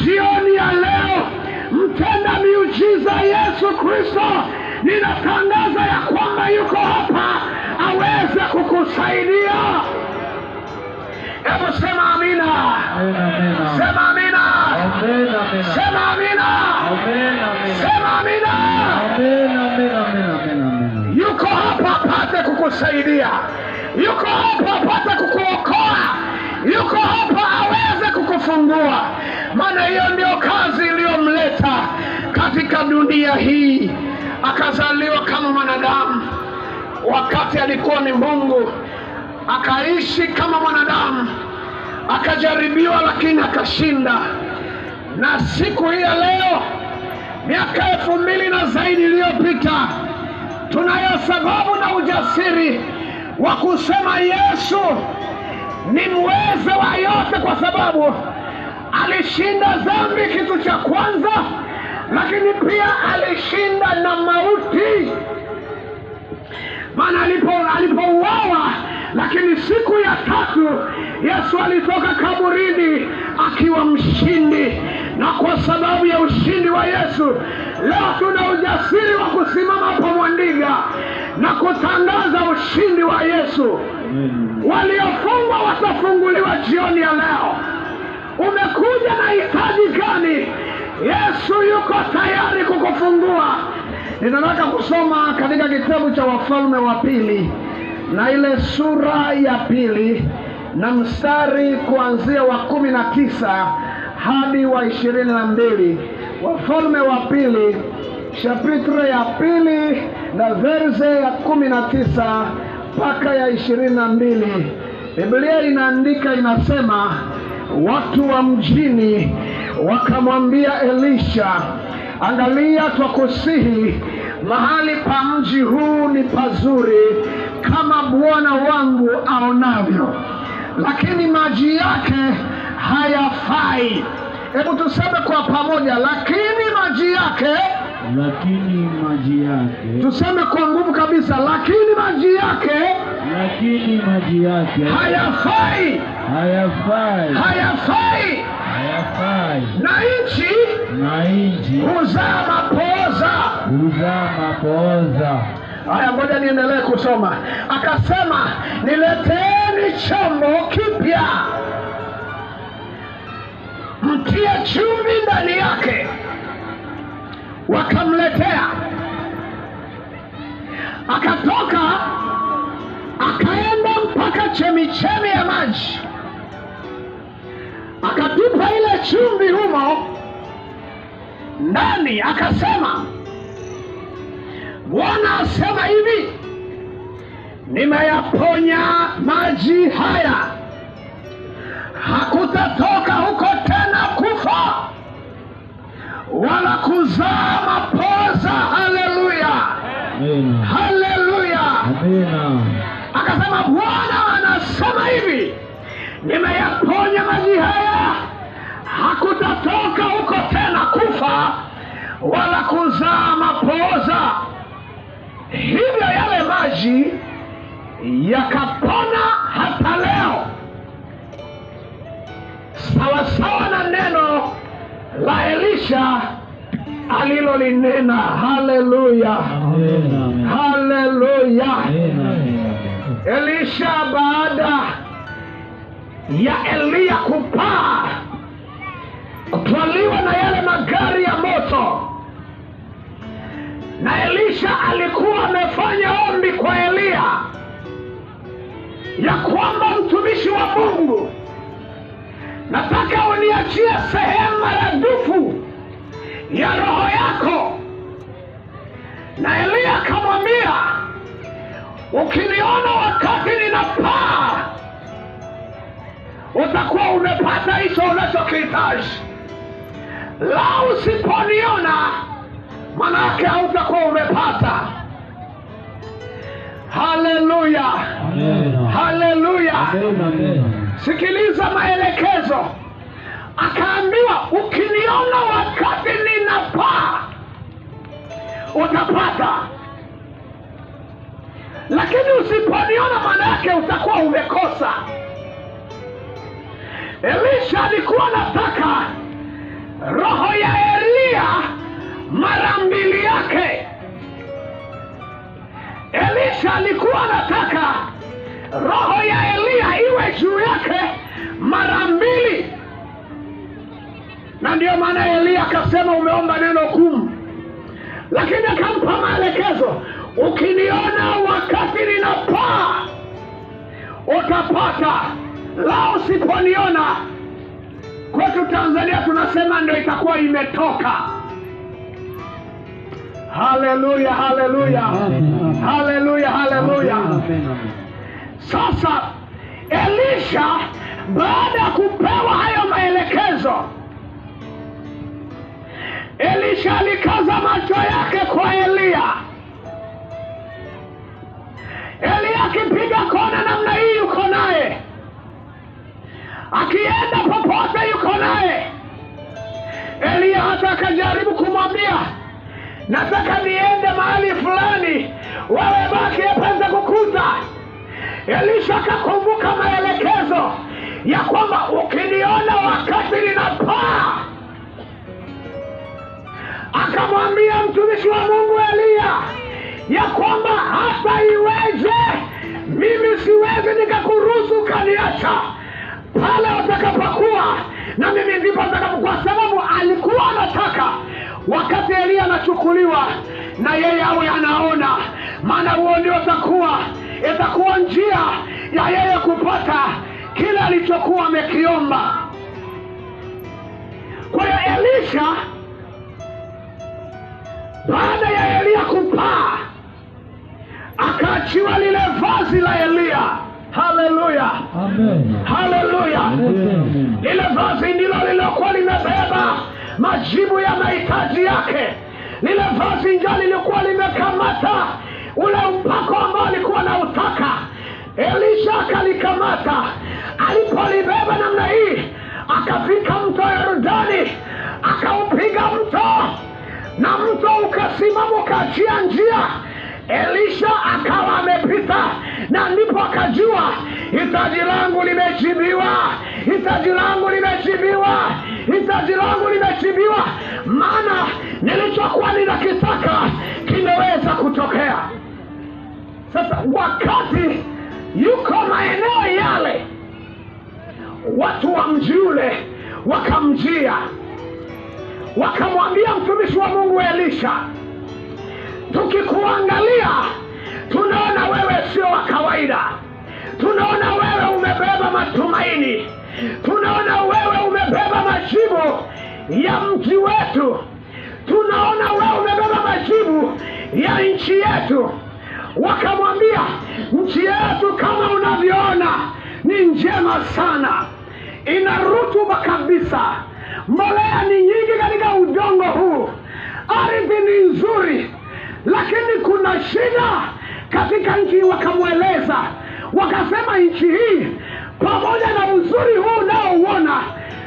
Jioni ya leo, mtenda miujiza Yesu Kristo, ninatangaza ya kwamba yuko hapa aweze kukusaidia. Hebu sema amina, sema amina, sema amina, sema amina. Yuko hapa apate kukusaidia, yuko hapa apate kukuokoa yuko hapa aweze kukufungua, maana hiyo ndio kazi iliyomleta katika dunia hii. Akazaliwa kama mwanadamu, wakati alikuwa ni Mungu, akaishi kama mwanadamu, akajaribiwa lakini akashinda. Na siku hii ya leo, miaka elfu mbili na zaidi iliyopita, tunayo sababu na ujasiri wa kusema Yesu ni muweza wa yote, kwa sababu alishinda dhambi, kitu cha kwanza, lakini pia alishinda na mauti. Maana alipouawa lakini siku ya tatu Yesu alitoka kaburini akiwa mshindi, na kwa sababu ya ushindi wa Yesu leo tuna ujasiri wa kusimama mwandiga na kutangaza ushindi wa Yesu. Amen. Waliofungwa watafunguliwa jioni ya leo. Umekuja na hitaji gani? Yesu yuko tayari kukufungua. Ninataka kusoma katika kitabu cha Wafalme wa Pili na ile sura ya pili na mstari kuanzia wa kumi na tisa hadi wa ishirini na mbili Wafalme wa Pili, chapitre ya pili na verse ya kumi na tisa mpaka ya ishirini na mbili Biblia inaandika inasema, watu wa mjini wakamwambia Elisha, angalia, twakusihi, mahali pa mji huu ni pazuri, kama bwana wangu aonavyo, lakini maji yake hayafai. Hebu tuseme kwa pamoja, lakini maji yake lakini maji yake, tuseme kwa nguvu kabisa, lakini maji yake, lakini maji yake hayafai, hayafai, hayafai, hayafai, na nchi, na nchi huzaa mapooza, huzaa mapooza. Haya, ngoja niendelee kusoma. Akasema, nileteeni chombo kipya, mtie chumvi ndani yake wakamletea, akatoka akaenda mpaka chemichemi ya maji, akatupa ile chumvi humo ndani, akasema, Bwana asema hivi, nimeyaponya maji haya, hakutatoka huko wala kuzaa mapoza. Haleluya, haleluya. Akasema Bwana anasema hivi, nimeyaponya maji haya, hakutatoka huko tena kufa wala kuzaa mapoza. Hivyo yale maji yakapona hata leo, sawasawa na la Elisha alilolinena. Haleluya, haleluya. Elisha baada ya Eliya kupaa kutwaliwa na yale magari ya moto, na Elisha alikuwa amefanya ombi kwa Eliya ya kwamba mtumishi wa Mungu nataka uniachie sehemu maradufu ya roho yako. Na Eliya akamwambia, ukiniona wakati ninapaa, utakuwa umepata hicho unachokihitaji. La, usiponiona manake hautakuwa umepata Haleluya, haleluya! Sikiliza maelekezo. Akaambiwa, ukiniona wakati ninapaa utapata, lakini usiponiona, maana yake utakuwa umekosa. Elisha alikuwa anataka roho ya eliya mara mbili yake Elisha alikuwa anataka roho ya Eliya iwe juu yake mara mbili, na ndiyo maana Eliya akasema umeomba neno kumu lakini akampa maelekezo, ukiniona wakati ninapaa utapata, la usiponiona. Kwetu Tanzania tunasema ndio itakuwa imetoka. Haleluya, haleluya, haleluya, haleluya. Sasa Elisha baada ya kupewa hayo maelekezo, Elisha alikaza macho yake kwa Eliya. Eliya akipiga kona namna hii, yuko naye, akienda popote yuko naye. Eliya hata akajaribu kumwambia nataka niende mahali fulani, wawe baki hapa kukuza Elisha akakumbuka maelekezo ya kwamba ukiniona wakati ninapaa, akamwambia mtumishi wa Mungu Eliya ya kwamba hata iweje mimi siwezi nikakuruhusu ukaniacha pale utakapokuwa na mimi ndipo atakapokuwa, sababu alikuwa anataka Wakati Eliya anachukuliwa na yeye awe anaona, maana huo ndio itakuwa itakuwa njia ya yeye kupata kile alichokuwa amekiomba. Kwa hiyo Elisha baada ya Eliya kupaa akaachiwa lile vazi la Eliya. Haleluya, haleluya! Lile vazi ndilo lililokuwa limebeba majibu ya mahitaji yake. Lile vazi njaa lilikuwa limekamata ule mpako ambao alikuwa na utaka Elisha akalikamata, alipolibeba namna hii, akafika mto Yordani, akaupiga mto na mto ukasimama, ukaachia njia Elisha akawa amepita, na ndipo akajua hitaji langu limejibiwa, hitaji langu limejibiwa utatibiwa, maana nilichokuwa ninakitaka kimeweza kutokea. Sasa wakati yuko maeneo yale, watu wa mji ule wakamjia, wakamwambia mtumishi wa Mungu Elisha, tukikuangalia tunaona wewe sio wa kawaida, tunaona wewe umebeba matumaini, tunaona wewe umebeba majibu ya mji wetu. Tunaona wewe umebeba majibu ya nchi yetu. Wakamwambia, nchi yetu kama unavyoona ni njema sana, ina rutuba kabisa, mbolea ni nyingi katika udongo huu, ardhi ni nzuri, lakini kuna shida katika nchi. Wakamweleza wakasema, nchi hii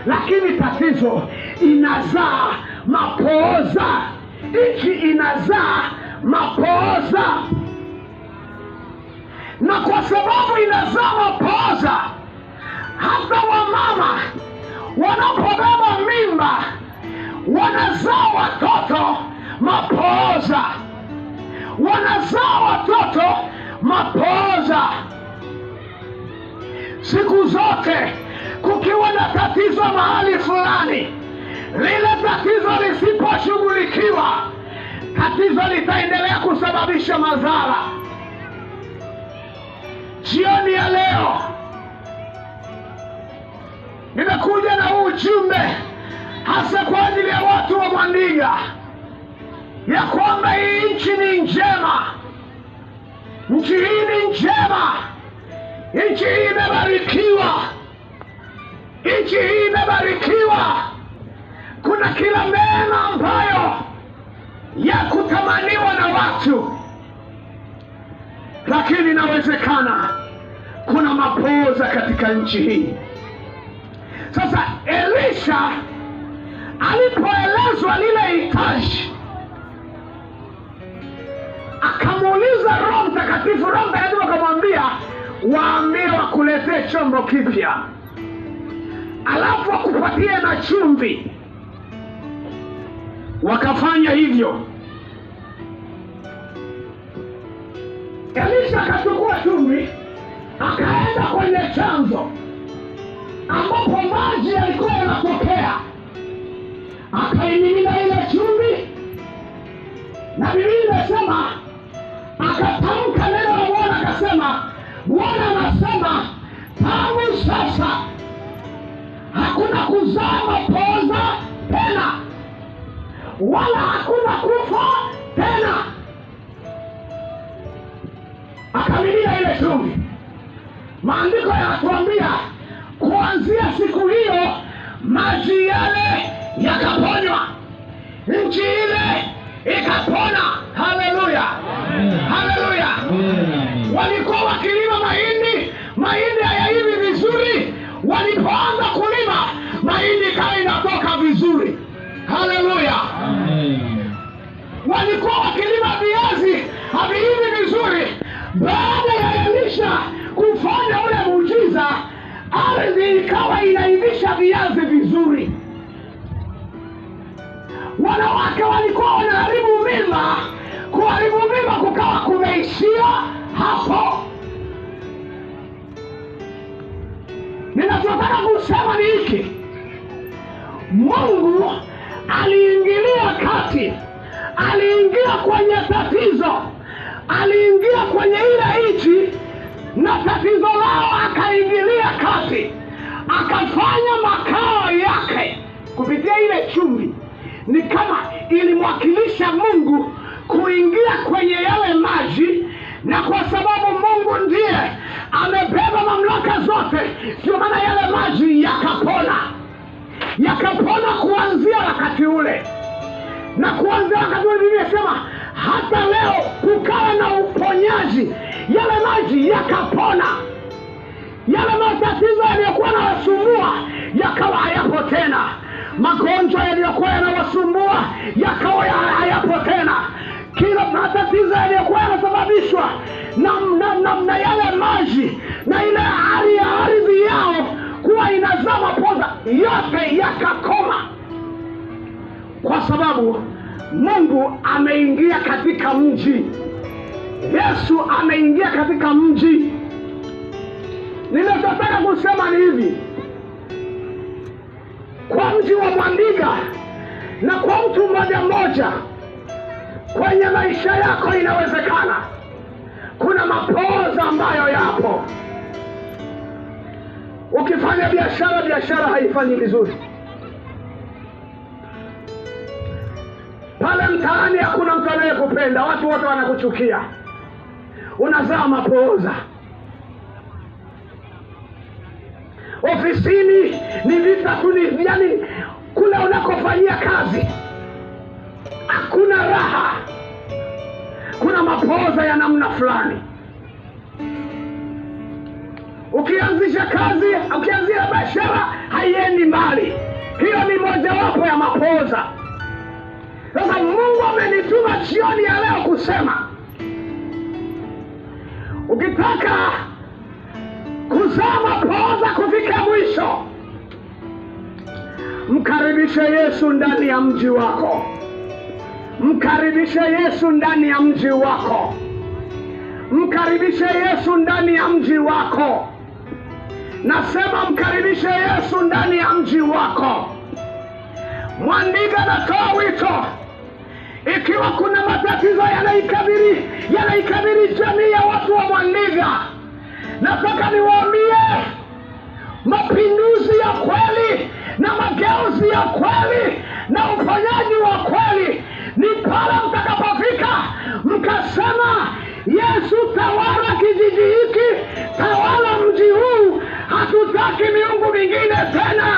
lakini tatizo inazaa mapooza, nchi inazaa mapooza, na kwa sababu inazaa mapooza, hata wamama wanapobeba mimba wanazaa watoto mapooza, wanazaa watoto mapooza siku zote kukiwa na tatizo mahali fulani, lile tatizo lisiposhughulikiwa, tatizo litaendelea kusababisha madhara. Jioni ya leo nimekuja na ujumbe hasa kwa ajili ya watu wa Mwandiga ya kwamba hii nchi ni njema, nchi hii ni njema, nchi hii imebarikiwa nchi hii imebarikiwa. Kuna kila mema ambayo ya kutamaniwa na watu, lakini inawezekana kuna mapoza katika nchi hii. Sasa Elisha alipoelezwa lile hitaji akamuuliza Roho Mtakatifu. Roho Mtakatifu akamwambia waambie wakuletee chombo kipya alafu akupatie na chumvi. Wakafanya hivyo. Elisha akachukua chumvi akaenda kwenye chanzo ambapo maji yalikuwa yanatokea, akaimimina ile chumvi, na Biblia inasema akatamka neno la Bwana akasema, Bwana anasema tangu sasa kuzaa mapooza tena, wala hakuna kufa tena. Akamilia ile chumvi. Maandiko yanatuambia kuanzia siku hiyo maji yale yakaponywa, nchi ile ikapona. Haleluya, haleluya! Walikuwa wakilima mahindi, mahindi hayaivi vizuri, walipoanza vizuri. Haleluya! walikuwa wakilima viazi haviivi vizuri. Baada ya Elisha kufanya ule muujiza, ardhi ikawa inaivisha viazi vizuri. Wanawake walikuwa wanaharibu mimba, kuharibu mimba kukawa kumeishia hapo. Ninachotaka kusema ni hiki Mungu aliingilia kati, aliingia kwenye tatizo, aliingia kwenye ile nchi na tatizo lao, akaingilia kati, akafanya makao yake kupitia ile chumvi. Ni kama ilimwakilisha Mungu kuingia kwenye yale maji, na kwa sababu Mungu ndiye amebeba mamlaka zote, ndio maana yale maji yakapona yakapona kuanzia wakati ule, na kuanzia wakati ule Biblia inasema hata leo kukawa na uponyaji, yale maji yakapona, yale matatizo yaliyokuwa yanawasumbua yakawa hayapo tena, magonjwa yaliyokuwa yanawasumbua yakawa hayapo tena, kila matatizo yaliyokuwa yanasababishwa na, na, na, na yale maji na ile hali ya ardhi yao ilikuwa inazaa mapoza yote yakakoma, kwa sababu Mungu ameingia katika mji. Yesu ameingia katika mji. Ninachotaka kusema ni hivi, kwa mji wa Mwandiga na kwa mtu mmoja mmoja kwenye maisha yako, inawezekana kuna mapoza ambayo yapo. Ukifanya biashara, biashara haifanyi vizuri. Pale mtaani hakuna mtu anayekupenda, watu wote wanakuchukia, unazaa mapooza. Ofisini ni vita tu, yani kule unakofanyia kazi hakuna raha, kuna mapooza ya namna fulani. Ukianzisha kazi, ukianzia biashara haiendi mbali. Hiyo ni mojawapo ya mapoza. Sasa Mungu amenituma jioni ya leo kusema, ukitaka kuzaa mapoza kufika mwisho, mkaribishe Yesu ndani ya mji wako, mkaribishe Yesu ndani ya mji wako, mkaribishe Yesu ndani ya mji wako. Nasema mkaribishe Yesu ndani ya mji wako. Mwandiga natoa wito, ikiwa kuna matatizo yanaikabili yanaikabili jamii ya watu wa Mwandiga, nataka niwaambie mapinduzi ya kweli na mageuzi ya kweli na uponyaji wa kweli ni pale mtakapofika mkasema, Yesu, tawala kijiji hiki, tawala mji huu hatutaki miungu mingine tena.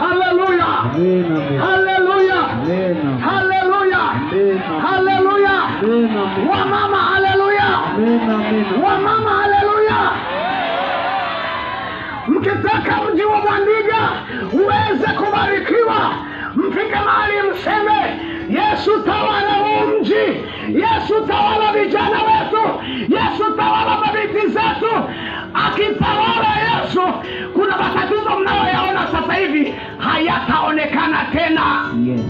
Haleluya, haleluya, haleluya, haleluya! Wamama haleluya, wamama haleluya! Mkitaka mji wa Mwandiga uweze kubarikiwa, mfike mahali mseme Yesu tawala huu mji, Yesu tawala vijana wetu, Yesu tawala mabinti zetu. Akitawala Yesu, kuna matatizo mnayoyaona sasa hivi hayataonekana tena. Yes.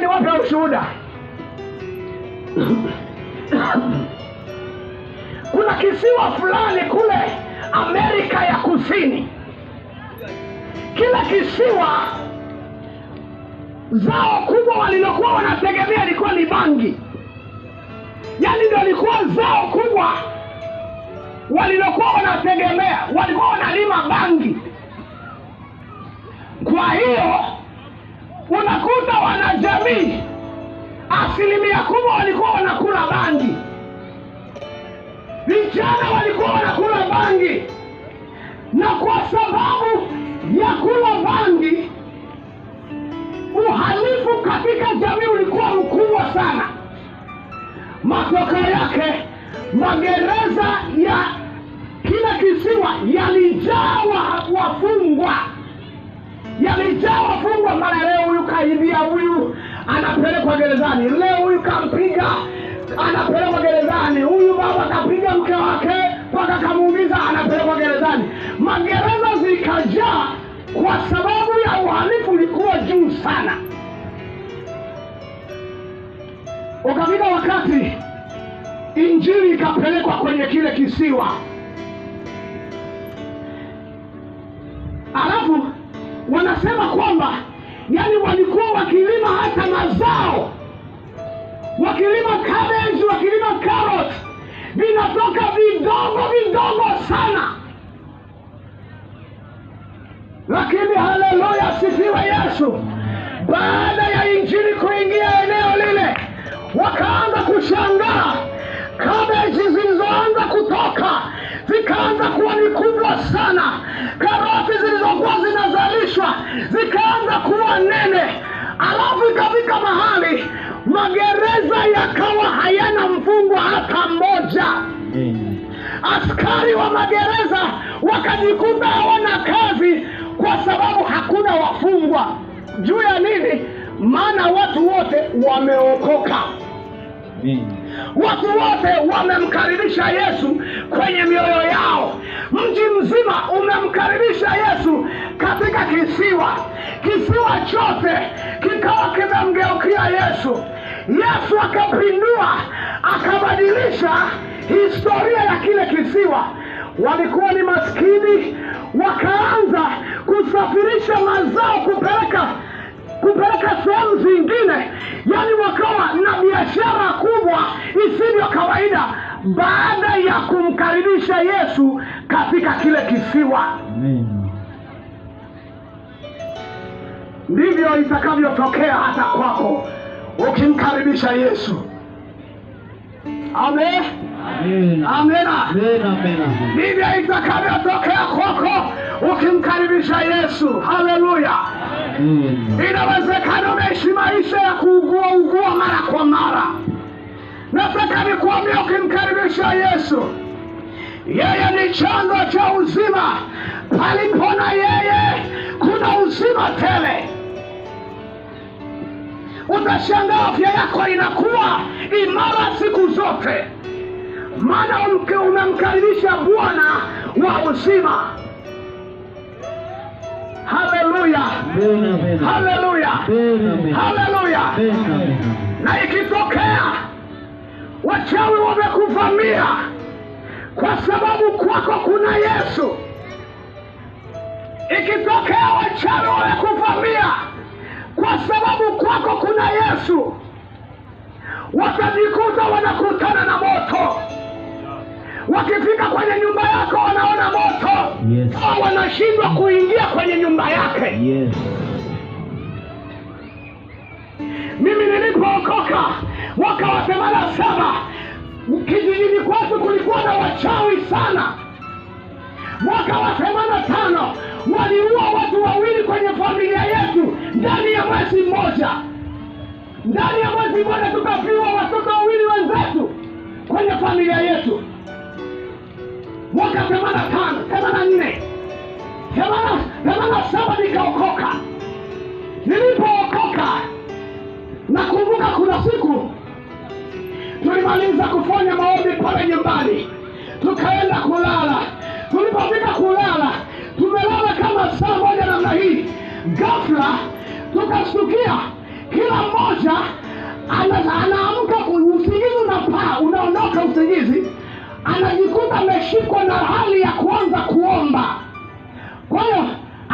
ni wape ushuhuda. Kuna kisiwa fulani kule Amerika ya Kusini, kila kisiwa zao kubwa walilokuwa wanategemea ilikuwa ni bangi, yaani ndio ilikuwa zao kubwa walilokuwa wanategemea, walikuwa wanalima bangi. Kwa hiyo unakuta wanajamii asilimia kubwa walikuwa wanakula bangi, vijana walikuwa wanakula bangi, na kwa sababu ya kula bangi uhalifu katika jamii ulikuwa mkubwa sana. Matokeo yake magereza ya kila kisiwa yalijaa wafungwa, yalijaa wafungwa. Mara leo huyu kaibia, huyu anapelekwa gerezani, leo huyu kampiga, anapelekwa gerezani, huyu baba kapiga mke wake mpaka kamuumiza, anapelekwa gerezani. Magereza zikajaa kwa sababu ya uhalifu ulikuwa juu sana. Ukafika wakati injili ikapelekwa kwenye kile kisiwa, alafu wanasema kwamba yani walikuwa wakilima hata mazao, wakilima kabeji, wakilima karot vinatoka vidogo vidogo sana lakini haleluya, sifiwe Yesu. Baada ya injili kuingia eneo lile, wakaanza kushangaa. Kabeji zilizoanza kutoka zikaanza kuwa ni kubwa sana, karoti zilizokuwa zinazalishwa zikaanza kuwa nene, alafu ikafika mahali magereza yakawa hayana mfungwa hata mmoja. Askari wa magereza wakajikuta hawana kazi kwa sababu hakuna wafungwa. Juu ya nini? Maana watu wote wameokoka. Watu wote wamemkaribisha Yesu kwenye mioyo yao. Mji mzima umemkaribisha Yesu katika kisiwa, kisiwa chote kikawa kimemgeukia Yesu. Yesu akapindua, akabadilisha historia ya kile kisiwa. Walikuwa ni maskini, wakaanza kusafirisha mazao kupeleka kupeleka sehemu zingine, yaani wakawa na biashara kubwa isivyo kawaida baada ya kumkaribisha Yesu katika kile kisiwa. Ndivyo itakavyotokea hata kwako ukimkaribisha Yesu. Amen. Amina. Biblia itakavyotokea kwako ukimkaribisha Yesu. Haleluya. Inawezekana umeishi maisha ya kuugua ugua mara kwa mara. Nataka nikuambia ukimkaribisha Yesu, yeye ni chanzo cha uzima. Palipo na yeye kuna uzima tele. Utashangaa afya yako inakuwa imara siku zote maana umemkaribisha Bwana wa uzima. Haleluya, haleluya, haleluya! Na ikitokea wachawi wamekuvamia kwa sababu kwako kuna Yesu, ikitokea wachawi wamekuvamia kwa sababu kwako kuna Yesu, watajikuta wanakutana na moto wakifika kwenye nyumba yako wanaona moto yes. au wanashindwa kuingia kwenye nyumba yake yes. mimi nilipookoka mwaka wa themana saba kijijini kwetu kulikuwa na wachawi sana mwaka wa themana tano waliua watu wawili kwenye familia yetu ndani ya mwezi mmoja ndani ya mwezi mmoja tukapiwa watoto wawili wenzetu kwenye familia yetu mwaka themanini na tano themanini na nne themanini na saba nikaokoka. Nilipookoka nakumbuka kuna siku tulimaliza kufanya maombi pale nyumbani, tukaenda kulala. Tulipofika kulala, tumelala kama saa moja namna hii, ghafla tukashtukia kila mmoja anaamka, usingizi unapaa, unaondoka usingizi anajikuta ameshikwa na hali ya kuanza kuomba. Kwa hiyo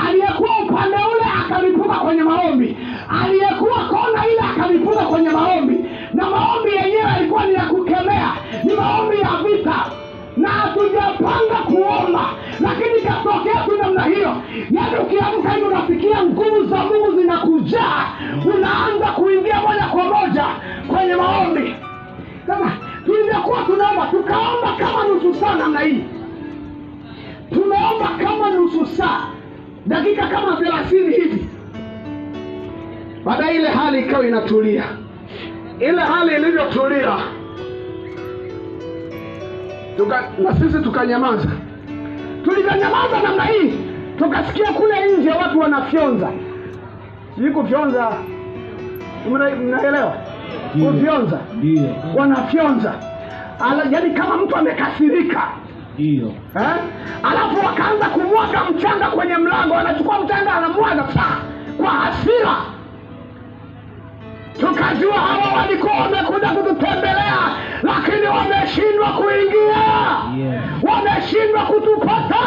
aliyekuwa upande ule akalipuka kwenye maombi, aliyekuwa kona ile akalipuka kwenye maombi, na maombi yenyewe yalikuwa ni ya kukemea, ni maombi ya vita na hatujapanga kuomba, lakini katokea tu namna hiyo. Yaani ukiamka hivi unafikia nguvu za Mungu zinakujaa, unaanza kuingia tumeomba kama nusu saa namna hii, tumeomba kama nusu saa, dakika kama thelathini hivi. Baadaye ile hali ikawa inatulia. Ile hali ilivyotulia, tuka na sisi tukanyamaza. Tulivyonyamaza namna hii, tukasikia kule nje watu wanafyonza, sijui kufyonza, mnaelewa? Kufyonza, wanafyonza Ala, yani kama mtu amekasirika ndio eh? Alafu wakaanza kumwaga mchanga kwenye mlango, anachukua mchanga anamwaga pa kwa hasira. Tukajua hawa walikuwa wamekuja kututembelea, lakini wameshindwa kuingia yeah. Wameshindwa kutupata,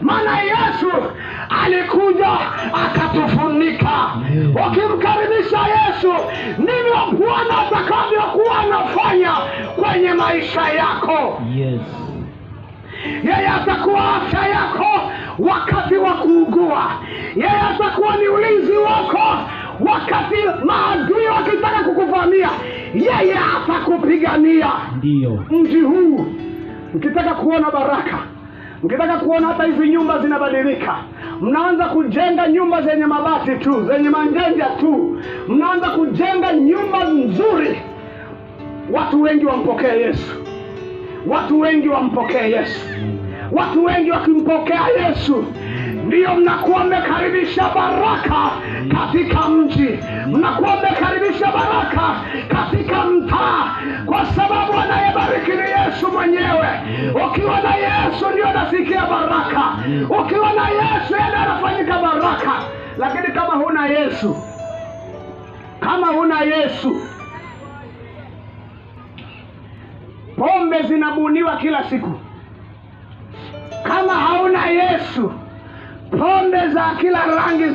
maana Yesu alikuja akatufunika. Ukimkaribisha Yesu, ndivyo Bwana atakavyokuwa anafanya kwenye maisha yako yes. Yeye atakuwa afya yako wakati wa kuugua, yeye atakuwa ni ulinzi wako wakati maadui wakitaka kukuvamia, yeye atakupigania. Ndio mji huu ukitaka kuona baraka Mkitaka kuona hata hizi nyumba zinabadilika, mnaanza kujenga nyumba zenye mabati tu, zenye manjenja tu, mnaanza kujenga nyumba nzuri. Watu wengi wampokee Yesu, watu wengi wampokee Yesu, watu wengi wakimpokea Yesu ndiyo mnakuwa mmekaribisha baraka katika mji, mnakuwa mmekaribisha baraka katika mtaa, kwa sababu anayebariki ni Yesu mwenyewe. Ukiwa na Yesu ndio utasikia baraka. Mm. Ukiwa na Yesu yale anafanyika baraka, lakini kama huna Yesu, kama huna Yesu, pombe zinabuniwa kila siku. Kama hauna Yesu, pombe za kila rangi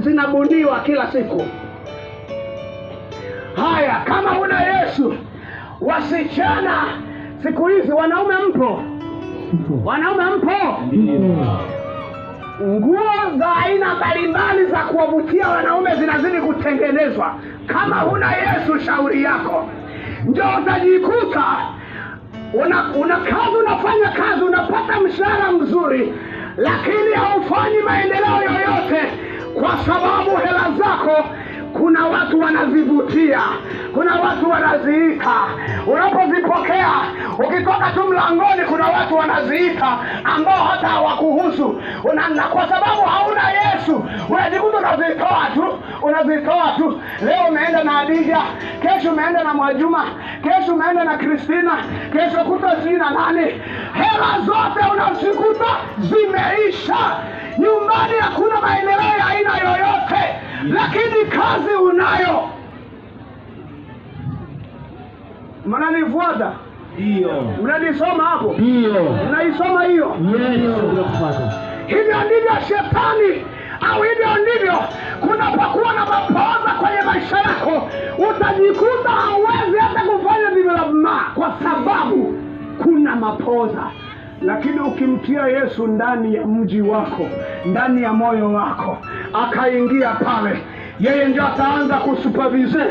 zinabuniwa zina kila siku. Haya, kama huna Yesu, wasichana siku hizi, wanaume mpo Wanaume mpo? Mm. Nguo za aina mbalimbali za kuwavutia wanaume zinazidi kutengenezwa. Kama huna Yesu, shauri yako ndio utajikuta una, una kazi unafanya kazi unapata mshahara mzuri, lakini haufanyi maendeleo yoyote kwa sababu hela zako kuna watu wanazivutia, kuna watu wanaziita. Unapozipokea ukitoka tu mlangoni, kuna watu wanaziita ambao hata hawakuhusu, kwa sababu hauna Yesu, unajikuta unazitoa tu, unazitoa tu. Leo umeenda na Adija, kesho umeenda na Mwajuma, kesho umeenda na Kristina, kesho kuta sijui na nani. Hela zote unazikuta zimeisha. Nyumbani hakuna maendeleo ya aina yoyote, lakini kazi unayo. Mnanifuata? Ndio. Mnanisoma hapo? Ndio. Mnaisoma hiyo? Yes. Hivyo ndivyo shetani au hivyo ndivyo kunapokuwa na mapoza kwenye maisha yako, utajikuta hauwezi hata kufanya vile, kwa sababu kuna mapoza. Lakini ukimtia Yesu ndani ya mji wako, ndani ya moyo wako, akaingia pale, yeye ndio ataanza kusupavize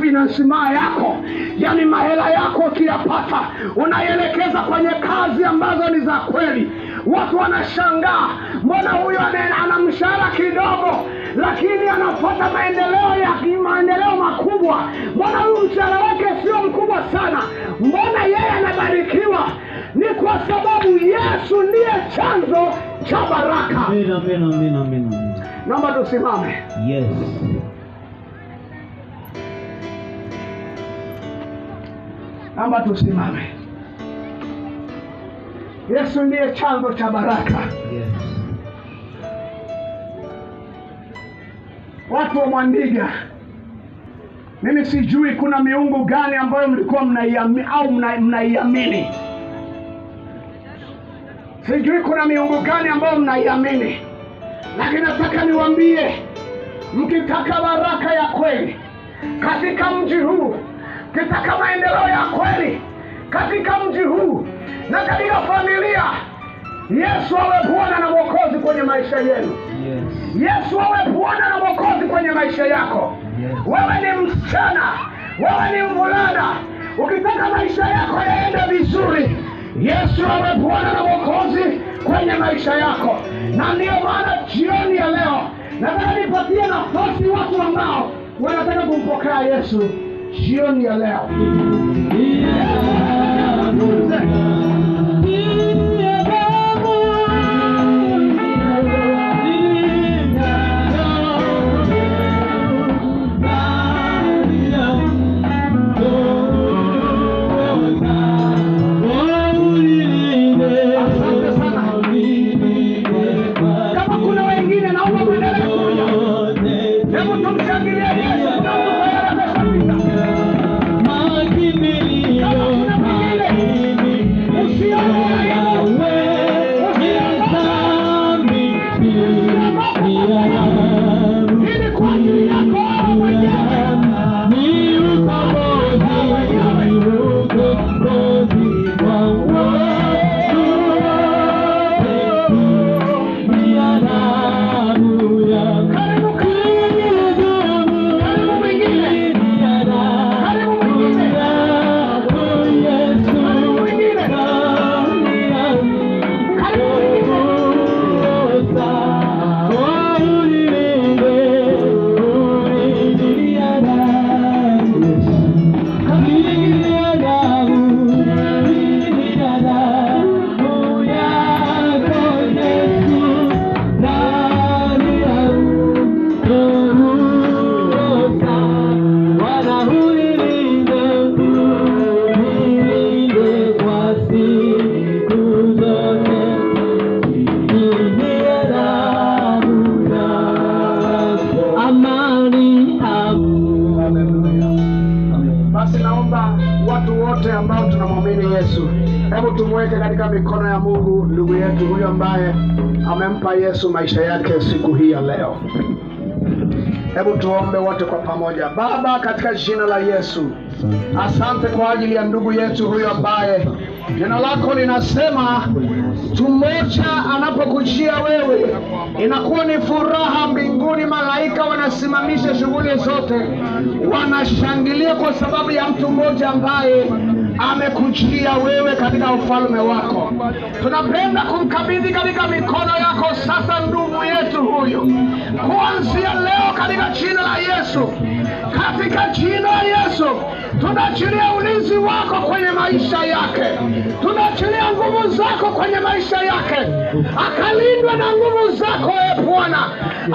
finansimaa yako, yani mahela yako ukiyapata, unaielekeza kwenye kazi ambazo ni za kweli. Watu wanashangaa, mbona huyo ana mshahara kidogo lakini anapata maendeleo ya maendeleo makubwa? Mbona huyu mshahara wake sio mkubwa sana? Mbona yeye anabarikiwa? ni kwa sababu Yesu ndiye chanzo cha baraka. Amina, amina, amina, amina. Naomba tusimame. Yes. Naomba tusimame. Yesu ndiye chanzo cha baraka. Yes. Watu wa Mwandiga, mimi sijui kuna miungu gani ambayo mlikuwa mnaiamini au mnaiamini mna Sijui kuna miungu gani ambayo mnaiamini, lakini nataka niwaambie, mkitaka baraka ya kweli katika mji huu, mkitaka maendeleo ya kweli katika mji huu na katika familia, Yesu awe Bwana na Mwokozi kwenye maisha yenu. Yesu awe Bwana na Mwokozi kwenye maisha yako. Wewe ni msichana, wewe ni mvulana, ukitaka maisha yako yaende vizuri Yesu awe Bwana na Mwokozi kwenye maisha yako, na ndiyo maana jioni ya leo nataka nipatie nafasi watu ambao wanataka kumpokea Yesu jioni ya leo. Yesu maisha yake siku hii ya leo. Hebu tuombe wote kwa pamoja. Baba, katika jina la Yesu, asante kwa ajili ya ndugu yetu huyo ambaye jina lako linasema tumoja anapokujia wewe inakuwa ni furaha mbinguni. Malaika wanasimamisha shughuli zote, wanashangilia kwa sababu ya mtu mmoja ambaye amekujia wewe katika ufalme wako. Tunapenda kumkabidhi katika mikono yako sasa ndugu yetu huyu, kuanzia leo katika jina la Yesu katika jina Yesu. Tunaachilia ulinzi wako kwenye maisha yake, tunaachilia nguvu zako kwenye maisha yake, akalindwe na nguvu zako e Bwana,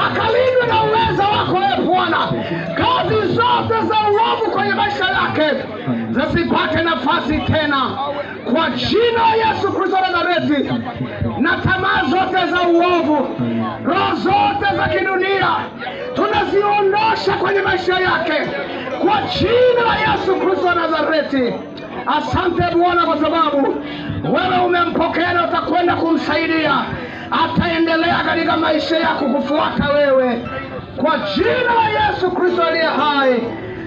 akalindwe na uweza wako e Bwana. Kazi zote za uovu kwenye maisha yake zisipate nafasi tena, kwa jina Yesu Kristo Nazareti na tamaa zote za uovu, roho zote za kidunia tunaziondosha kwenye maisha yake kwa jina la Yesu Kristo wa Nazareti. Asante Bwana kwa sababu wewe umempokea na utakwenda kumsaidia, ataendelea katika maisha yako kufuata wewe, kwa jina la Yesu Kristo aliye hai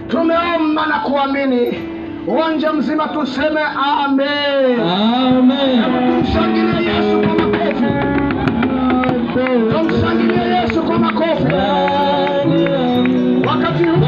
tumeomba na kuamini. Uwanja mzima tuseme amen, amen. Tumshangilie Yesu. Tumshangilie Yesu kwa makofi wakati huu.